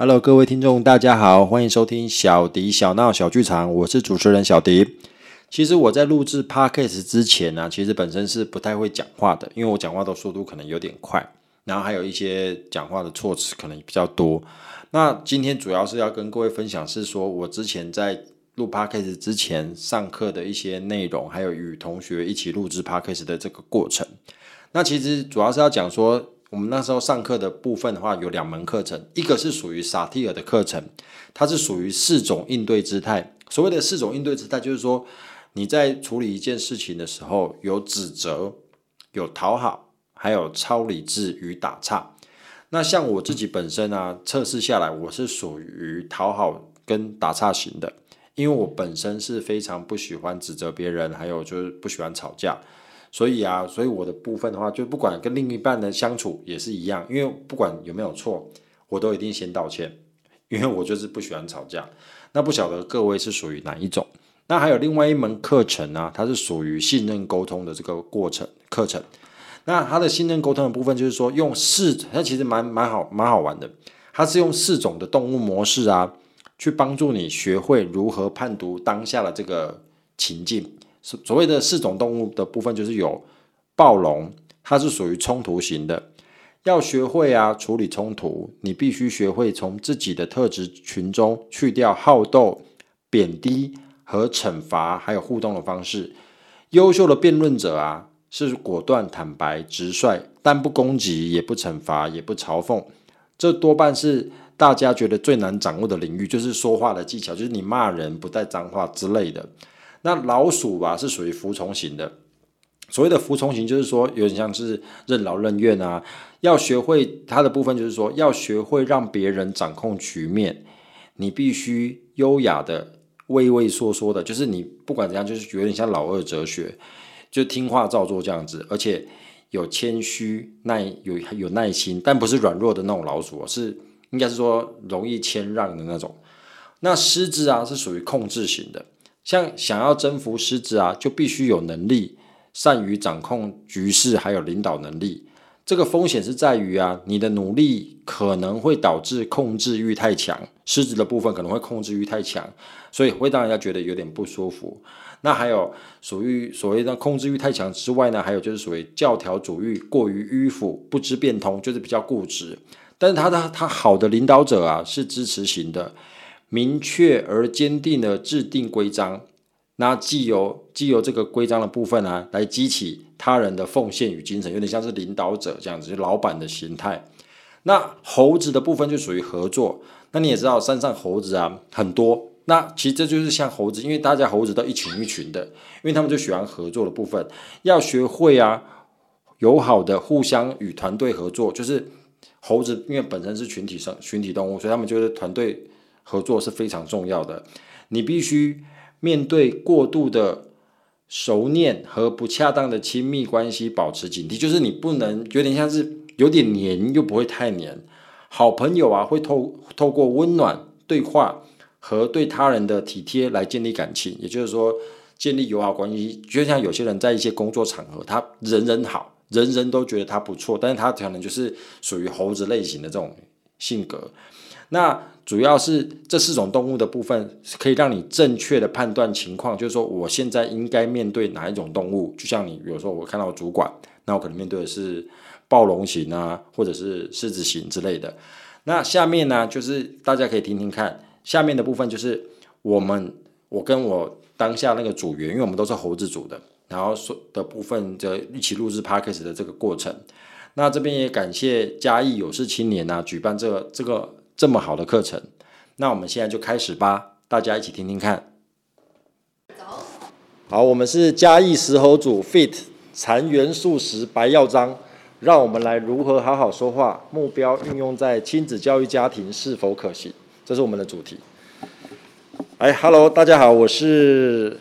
Hello，各位聽眾，大家好，歡迎收聽小迪小鬧小劇場，我是主持人小迪。其實我在錄製 Podcast 之前呢、啊，其實本身是不太會講話的，因為我講話的速度可能有點快，然後還有一些講話的措辭可能比較多。那今天主要是要跟各位分享是說我之前在錄 Podcast 之前上課的一些內容，還有與同學一起錄製 Podcast 的這個過程。那其實主要是要講說。我們那時候上課的部分的話，有兩門課程，一個是屬於薩提爾的課程，它是屬於四種應對姿態。所謂的四種應對姿態，就是說你在處理一件事情的時候，有指責、有討好，還有超理智與打岔。那像我自己本身啊，測試下來，我是屬於討好跟打岔型的，因為我本身是非常不喜歡指責別人，還有就是不喜歡吵架。所以啊，所以我的部分的話，就不管跟另一半的相處也是一樣，因為不管有沒有錯，我都一定先道歉，因為我就是不喜歡吵架。那不曉得各位是屬於哪一種？那還有另外一門課程啊，它是屬於信任溝通的這個過程課程。那它的信任溝通的部分就是說，用四，它其實蠻蠻好蠻好玩的，它是用四種的動物模式啊，去幫助你學會如何判讀當下的這個情境。所所謂的四種動物的部分，就是有暴龍，它是屬於衝突型的。要學會啊處理衝突，你必須學會從自己的特質群中去掉好鬥、貶低和懲罰，還有互動的方式。優秀的辯論者啊，是果斷、坦白、直率，但不攻擊，也不懲罰，也不嘲諷。這多半是大家覺得最難掌握的領域，就是說話的技巧，就是你罵人不帶髒話之類的。那老鼠吧是屬於服從型的，所謂的服從型就是說有點像是任勞任怨啊。要學會它的部分就是說，要學會讓別人掌控局面，你必須優雅的畏畏縮縮的，就是你不管怎樣就是有點像老二哲學，就聽話照做這樣子，而且有謙虛，耐，有，有耐心，但不是軟弱的那種老鼠哦，是應該是說容易謙讓的那種。那獅子啊是屬於控制型的。像想要征服獅子啊，就必須有能力、善於掌控局勢，還有領導能力。這個風險是在於啊，你的努力可能會導致控制慾太強，獅子的部分可能會控制慾太強，所以會讓人家覺得有點不舒服。那還有屬於所謂的控制慾太強之外呢，還有就是屬於教條主義過於迂腐、不知變通，就是比較固執。但是他的他，他好的領導者啊，是支持型的。明確而堅定的制定規章，那既有既有這個規章的部分呢、啊，來激起他人的奉獻與精神，有點像是領導者這樣子，就是、老板的形態。那猴子的部分就屬於合作。那你也知道，山上猴子啊很多。那其實這就是像猴子，因為大家猴子都一群一群的，因為他們就喜歡合作的部分。要學會啊，友好的互相與團隊合作。就是猴子，因為本身是群體生群體動物，所以他們就是團隊，合作是非常重要的，你必須面對過度的熟稔和不恰當的親密關係，保持警惕。就是你不能有點像是有點黏，又不會太黏。好朋友啊，會透透過溫暖對話和對他人的體貼來建立感情，也就是說建立友好關係。就像有些人在一些工作場合，他人人好，人人都覺得他不錯，但是他可能就是屬於猴子類型的這種性格。那主要是這四種動物的部分，可以讓你正確的判斷情況，就是說我現在應該面對哪一種動物。就像你比如說我看到主管，那我可能面對的是暴龍型啊，或者是獅子型之類的。那下面呢，就是大家可以聽聽看，下面的部分就是我們我跟我當下那個組員，因為我們都是猴子組的，然後說的部分就一起錄製 Podcast 的這個過程。那這邊也感謝嘉義有事青年啊，舉辦這個這個。這麼好的課程，那我們現在就開始吧，大家一起聽聽看。走，好，我們是嘉義石猴組 Fit 殘元素食白耀章，讓我們來如何好好說話，目標運用在親子教育家庭是否可行？這是我們的主題。哎，Hello，大家好，我是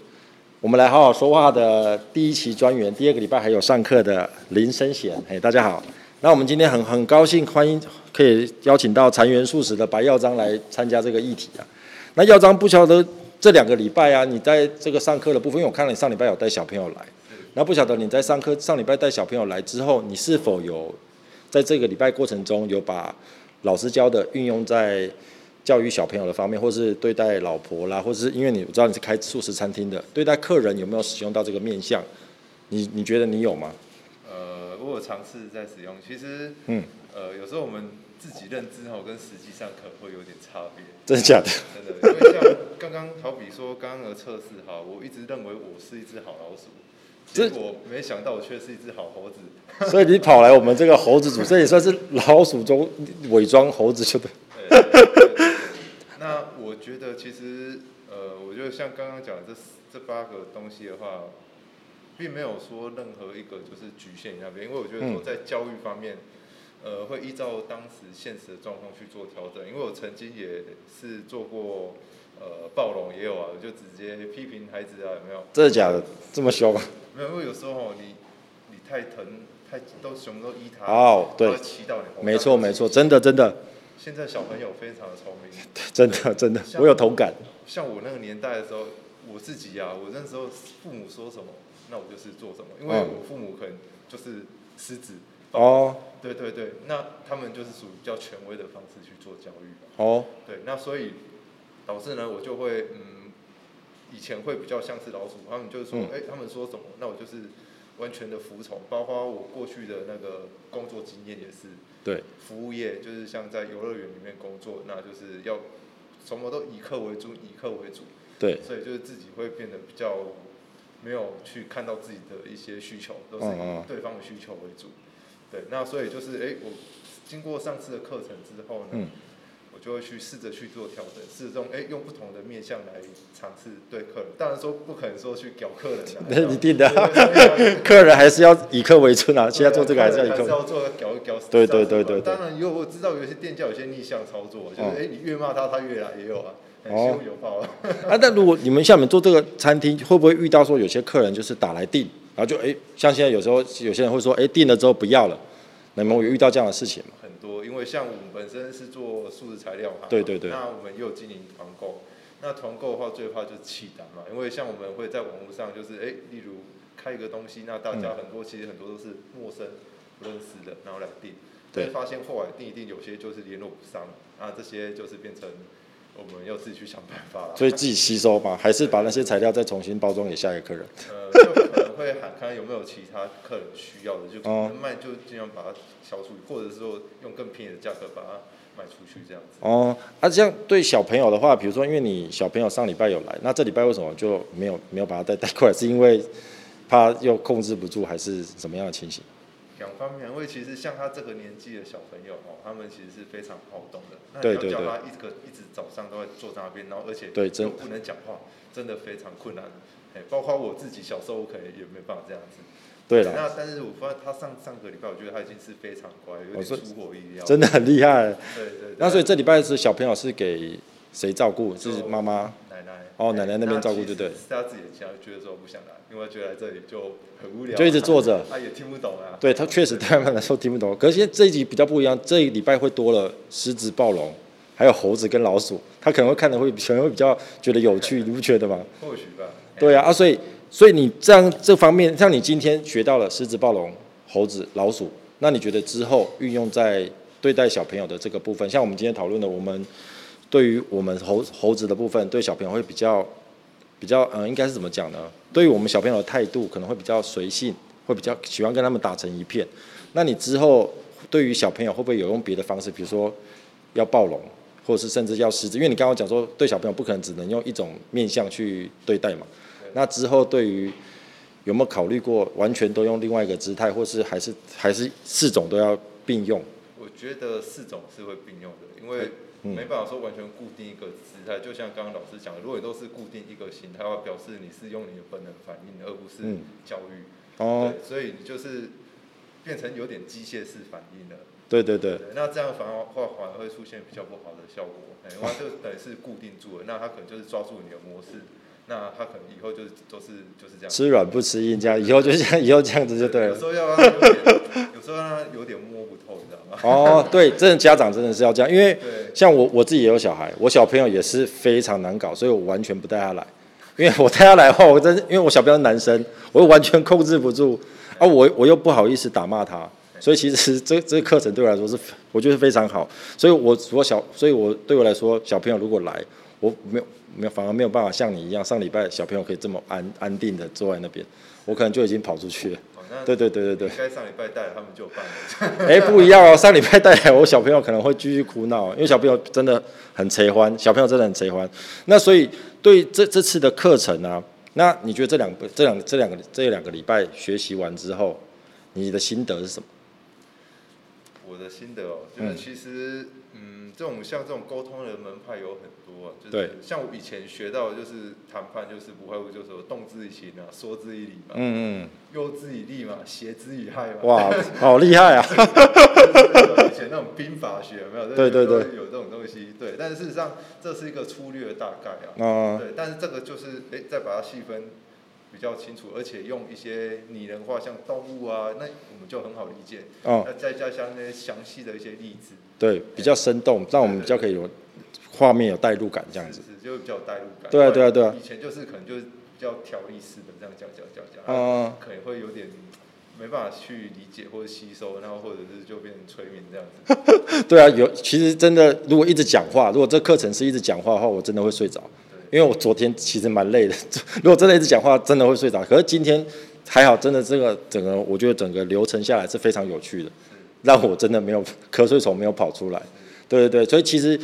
我們來好好說話的第一期專員，第二個禮拜還有上課的林深賢。嘿，大家好。那我們今天很很高興，歡迎可以邀請到殘緣素食的白耀章來參加這個議題啊。那耀章不曉得這兩個禮拜啊，你在這個上課的部分，因為我看了你上禮拜有帶小朋友來，那不曉得你在上課上禮拜帶小朋友來之後，你是否有在這個禮拜過程中有把老師教的運用在教育小朋友的方面，或是對待老婆啦，或者是因為你我知道你是開素食餐廳的，對待客人有沒有使用到這個面向？你你覺得你有嗎？我嘗試在使用，其實，嗯，呃，有時候我們自己認知好、喔、跟實際上可能會有點差別。真的假的？真的，因為像剛剛好比說剛剛的測試哈，我一直認為我是一隻好老鼠，結果沒想到我卻是一隻好猴子。所以你跑來我們這個猴子組， 這也算是老鼠中偽裝猴子，對對，對對？ 那我覺得其實，呃，我覺得像剛剛講的這這八個東西的話，並沒有說任何一個就是局限，那因為我覺得說在教育方面，嗯，呃、會依照當時現實的狀況去做調整。因為我曾經也是做過，呃，暴龍也有啊，就直接批評孩子啊，有沒有？真的假的？嗯、這麼凶？有沒有，因為有時候你你太疼，太都寵，都依他。哦、oh，對。沒錯，沒錯，真的，真的。現在小朋友非常的聰明。 真的，真的。我有同感。像我那個年代的時候，我自己啊，我那時候父母說什麼？那我就是做什麼，因為我父母可能就是獅子哦，oh. 對對對，那他們就是屬於比較權威的方式去做教育哦，oh. 對，那所以導致呢，我就會嗯，以前會比較像是老鼠，他們就是說，哎、嗯欸，他們說什麼，那我就是完全的服從，包括我過去的那個工作經驗也是對服務業，就是像在遊樂園裡面工作，那就是要什麼都以客為主，以客為主對，所以就是自己會變得比較。沒有去看到自己的一些需求，都是以對方的需求為主。嗯、對，那所以就是，哎，我經過上次的課程之後呢，嗯、我就會去試着去做調整，試著這種，哎，用不同的面向來嘗試對客人。當然說不可能說去搞客人你一定的，啊對對。客人還是要以客為尊啊，現在做這個還是要以客、啊、是要死。對對對對，對。當然有，因為我知道有些店家有些逆向操作，就是哎、嗯，你越罵他，他越來也有啊。哦，啊，但如果你們下面做這個餐廳，會不會遇到說有些客人就是打來訂，然後就哎、欸，像現在有時候有些人會說，哎、欸，訂了之後不要了，你們有遇到這樣的事情嗎？很多，因為像我們本身是做素食材料，對對對，那我們又經營團購，那團購的話最怕就是棄單嘛，因為像我們會在網絡上就是哎、欸，例如開一個東西，那大家很多、嗯、其實很多都是陌生、不認識的，然後來訂，但是發現後來訂一訂有些就是聯絡不上，啊，這些就是變成。我們要自己去想辦法，啊，所以自己吸收吧。還是把那些材料再重新包裝給下一個客人？呃，就可能會喊 看，看有沒有其他客人需要的，就可能賣，就盡量把它銷出去，或者是說用更便宜的價格把它賣出去，這樣子。哦，那這樣對小朋友的話，比如說，因為你小朋友上禮拜有來，那這禮拜為什麼就沒有沒有把他帶帶過來？是因為怕又控制不住，還是什麼樣的情形？方面，因為其實像他這個年紀的小朋友哦，他們其實是非常好動的。對對、對那要叫他一個一直早上都會坐在坐那邊，然後而且對真不能講話真，真的非常困難。哎，包括我自己小時候，我可能也沒有辦法這樣子。對了。那但是我發現他上上個禮拜，我覺得他已經是非常乖，有點出乎我意料。真的很厲害。對、對對。那所以這禮拜是小朋友是給誰照顧？是媽媽。奶奶哦、oh, 欸，奶奶那邊照顧對不對？是他自己，他覺得不想來，啊，因為覺得這裡就很無聊，啊，就一直坐着，啊啊啊啊啊。他也聽不懂啊對。對他確實，他們來說聽不懂。可是現在這一集比較不一樣，這一禮拜會多了獅子、暴龍，還有猴子跟老鼠，他可能會看的會，小朋友比較覺得有趣，欸，你不覺得嗎？或許吧。欸，對啊，對啊，所以，所以你這樣這方面，像你今天學到了獅子、暴龍、猴子、老鼠，那你覺得之後運用在對待小朋友的這個部分，像我們今天討論的，我們。對於我們猴猴子的部分，對小朋友會比較比較，嗯，應該是怎麼講呢？對於我們小朋友的態度，可能會比較隨性，會比較喜歡跟他們打成一片。那你之後對於小朋友會不會有用別的方式，比如說要暴龍，或者是甚至要獅子？因為你剛剛講說，對小朋友不可能只能用一種面向去對待嘛。那之後對於有沒有考慮過，完全都用另外一個姿態，或是還是還是四種都要並用？我覺得四種是會並用的，因為沒辦法說完全固定一個姿態，嗯。就像剛剛老師講的，如果你都是固定一個形態，表示你是用你的本能反應，而不是教育，嗯。哦，所以你就是變成有點機械式反應了。對對對，對，那這樣反而或反而會出現比較不好的效果。哎，他就等於是固定住了，哦，那他可能就是抓住你的模式。那他可能以後就是都是就是這樣，吃軟不吃硬，這樣以後就這樣，以後這樣子就對了。對，有時候要讓他有點, 有時候讓他有點摸不透，你知道嗎？哦，對，真的家長真的是要這樣，因為像我我自己也有小孩，我小朋友也是非常難搞，所以我完全不帶他來，因為我帶他來後，我真因為我小朋友是男生，我又完全控制不住啊，我我又不好意思打罵他，所以其實這這個課程對我來說是我覺得非常好，所以我我小所以我對我來說小朋友如果來。我沒有沒有，反而沒有辦法像你一樣，上禮拜小朋友可以這麼安安定的坐在那邊，我可能就已經跑出去了。哦、對對對對對。應該上禮拜帶他們就有辦法。哎、 欸，不一樣哦，上禮拜帶我小朋友可能會繼續哭鬧、哦，因為小朋友真的很賊歡，小朋友真的很賊歡。那所以對這這次的課程呢、啊，那你覺得這兩這兩這兩個這兩個禮拜學習完之後，你的心得是什麼？我的心得哦、喔，就是其實，嗯，嗯這種像這種溝通的門派有很多、啊，就是對像我以前學到，的就是談判就是不會，就是什麼動之以情啊，說之以理嘛，嗯嗯，誘之以利嘛，脅之以害嘛，哇，好厲害啊！就是、以前那種兵法學有沒有、就是、有，對對對，有這種東西，對，但是事實上這是一個粗略的大概啊，嗯、對，但是這個就是哎、欸，再把它細分。比較清楚，而且用一些擬人化，像動物啊，那我們就很好理解。嗯、哦，再加上那些詳細的一些例子，對、嗯，比較生動，讓我們比較可以有畫、嗯、面、有代入感這樣子。就比較有代入感。對啊，對啊，對啊。以前就是可能就是比較條例式的這樣講講。講可能會有點沒辦法去理解或者吸收，然後或者是就變成催眠這樣子。 對啊，有，其實真的，如果一直講話，如果這課程是一直講話的話，我真的會睡着。因為我昨天其實蠻累的，如果真的一直講話，真的會睡着。可是今天還好，真的這個整個，我覺得整個流程下來是非常有趣的，讓我真的沒有瞌睡蟲沒有跑出來。對對對，所以其實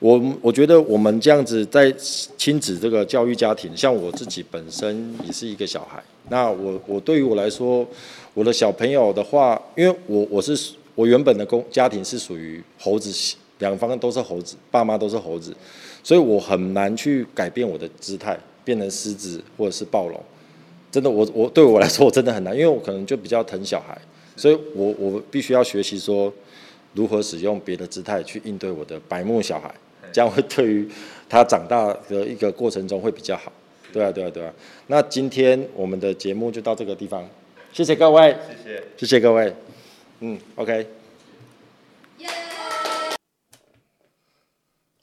我我覺得我們這樣子在親子這個教育家庭，像我自己本身也是一個小孩。那我我對於我來說，我的小朋友的話，因為我我是我原本的工家庭是屬於猴子，兩方都是猴子，爸媽都是猴子。所以我很難去改變我的姿態，變成獅子或者是暴龍。真的我，我我對我來說，我真的很難，因為我可能就比較疼小孩，所以我我必須要學習說如何使用別的姿態去應對我的白目小孩，這樣會對於他長大的一個過程中會比較好。對啊，對啊，對啊。那今天我們的節目就到這個地方，謝謝各位，謝謝，謝謝各位，嗯，OK。